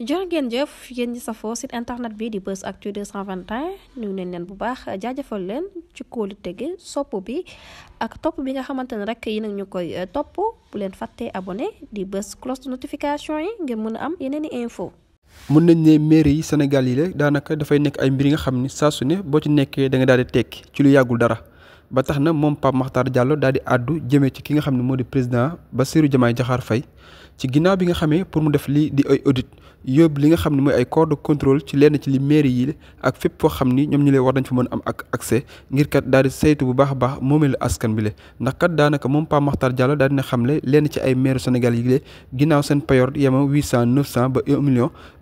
jërë ngeen jëf yéen ñi safoo site internet bi di Buzz Actu 221 nuyu nañ leen bu baax jaajëfal leen ci kóolute gi sopp bi ak topp bi nga xamante ne rek yi nag ñu koy eh, topp bu leen fàttee abone di bës cloche de notification yi ngeen mën a am yeneen i info mën nañ ne mairie yi Sénégal yi la daanaka dafay nekk ay mbir nga xam ni saa su ne boo ci nekkee da nga daal di tekki ci lu yàggul dara ba tax na moom Pape Makhtar Diallo daal di àddu jëmee ci ki nga xam ne moo di président ba Bassirou Diomaye Diakhar Faye ci ginnaaw bi nga xamee pour mu def lii di ay audit yóbbu li nga xam ne mooy ay corps de ci lenn ci li maire yi ak fépp foo xam ni ñoom ñu leen war nañ fa mën am ak accès ngir kat daal di saytu bu baax a baax moomeel askan bi le ndax kat daanaka moom Pape Makhtar Diallo daal dina xamle lenn ci ay maire Sénégal yi le ginnaaw seen payor yema 800 900 ba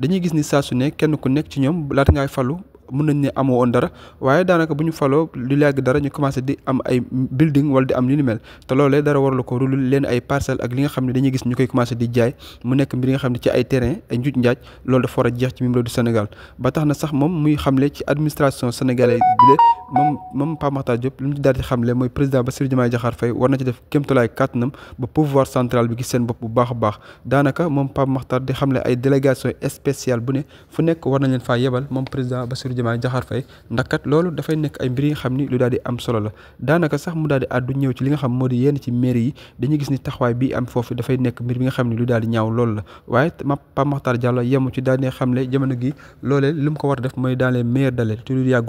gis ni su ne kenn ku nekk ci ñoom laata ngay falu mun nañ ne amoo dara waaye daanaka bu ñu faloo lu yàgg dara ñu commencé di am ay building wala di am li ni mel te loolee dara warul ko lu leen ay parcelle ak li nga xam ne dañuy gis ñu koy commencé di jaay mu nekk mbir nga xam ne ci ay terrain ay njuuj njaaj loolu dafa war a jeex ci mim réew du Sénégal ba tax na sax moom muy xamle ci administration sénégalaise bi moom moom Pape Makhtar Diop li mu daal di xamle mooy président Bassirou Diomaye Diakhar Faye war na ci def kéemtulaay kàttanam ba pouvoir central bi gis seen bopp bu baax baax daanaka moom Pape Makhtar di xamle ay délégation spéciale bu ne fu nekk war na leen faa yebal moom président Bassirou Diomaye Diakhar Faye ndax kat loolu dafay nekk ay mbir yi nga xam ni lu daal di am solo la daanaka sax mu daal di àddu ñëw ci li nga xam moo di yenn ci mairie yi dañuy gis ni taxawaay bi am nekk mbir bi nga xam ne lu daal di ñaaw loolu la waaye Pape Makhtar Diallo yemu ci daal di xamle jamono gi loolee ko war a mooy dans les meilleurs délais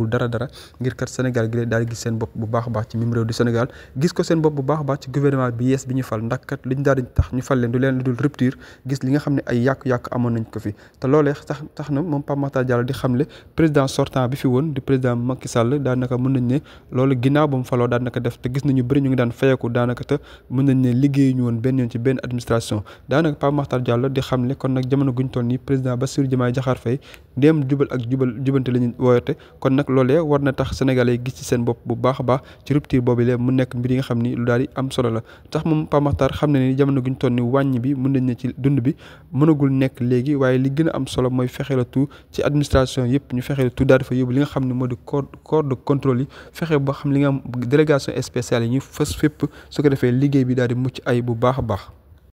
dara dara ngir kat Sénégal gi daal di gis seen bopp bu baax a baax ci mim réew Sénégal gis ko seen bopp bu baax a baax ci gouvernement bi yees bi ñu fal ndax kat liñ daal di tax ñu fal leen du leen lu dul rupture gis li nga xam ne ay yàqu-yàqu amoon nañ ko fi te loolee tax na moom Pape Makhtar di xamle président bi fi woon di président Macky Sall daanaka mën nañ ne loolu ginnaaw ba mu faloo daanaka def te gis nañu bëri ñu ngi daan fayeku daanaka te mën nañ ne liggéey ñu woon benn yoon ci benn administration daanaka Pape Makhtar Diallo di xamle kon nag jamono guñ toll nii président Bassirou Diomaye Diakhar Faye dem jubal ak jubal jubante la ñu woote kon nag na tax Sénégal sénégalais yi gis ci seen bopp bu baax a baax ci rupture boobu lee mu nekk mbir yi nga xam ni lu daal di am solo la tax moom Pape Makhtar xam ne ni jamono guñ toll ni wàññ bi mën nañ ne ci dund bi mënagul nekk léegi waaye li gën a am solo mooy fexeel la tout ci administration yëpp ñu fexe a tout daal dafa yóbbu li nga xam ne moo di corps corps de contrôle yi fexe ba xam li nga am délégation spéciale yi ñu fës fépp su ko defee liggéey bi daal di mucc ay bu baax a baax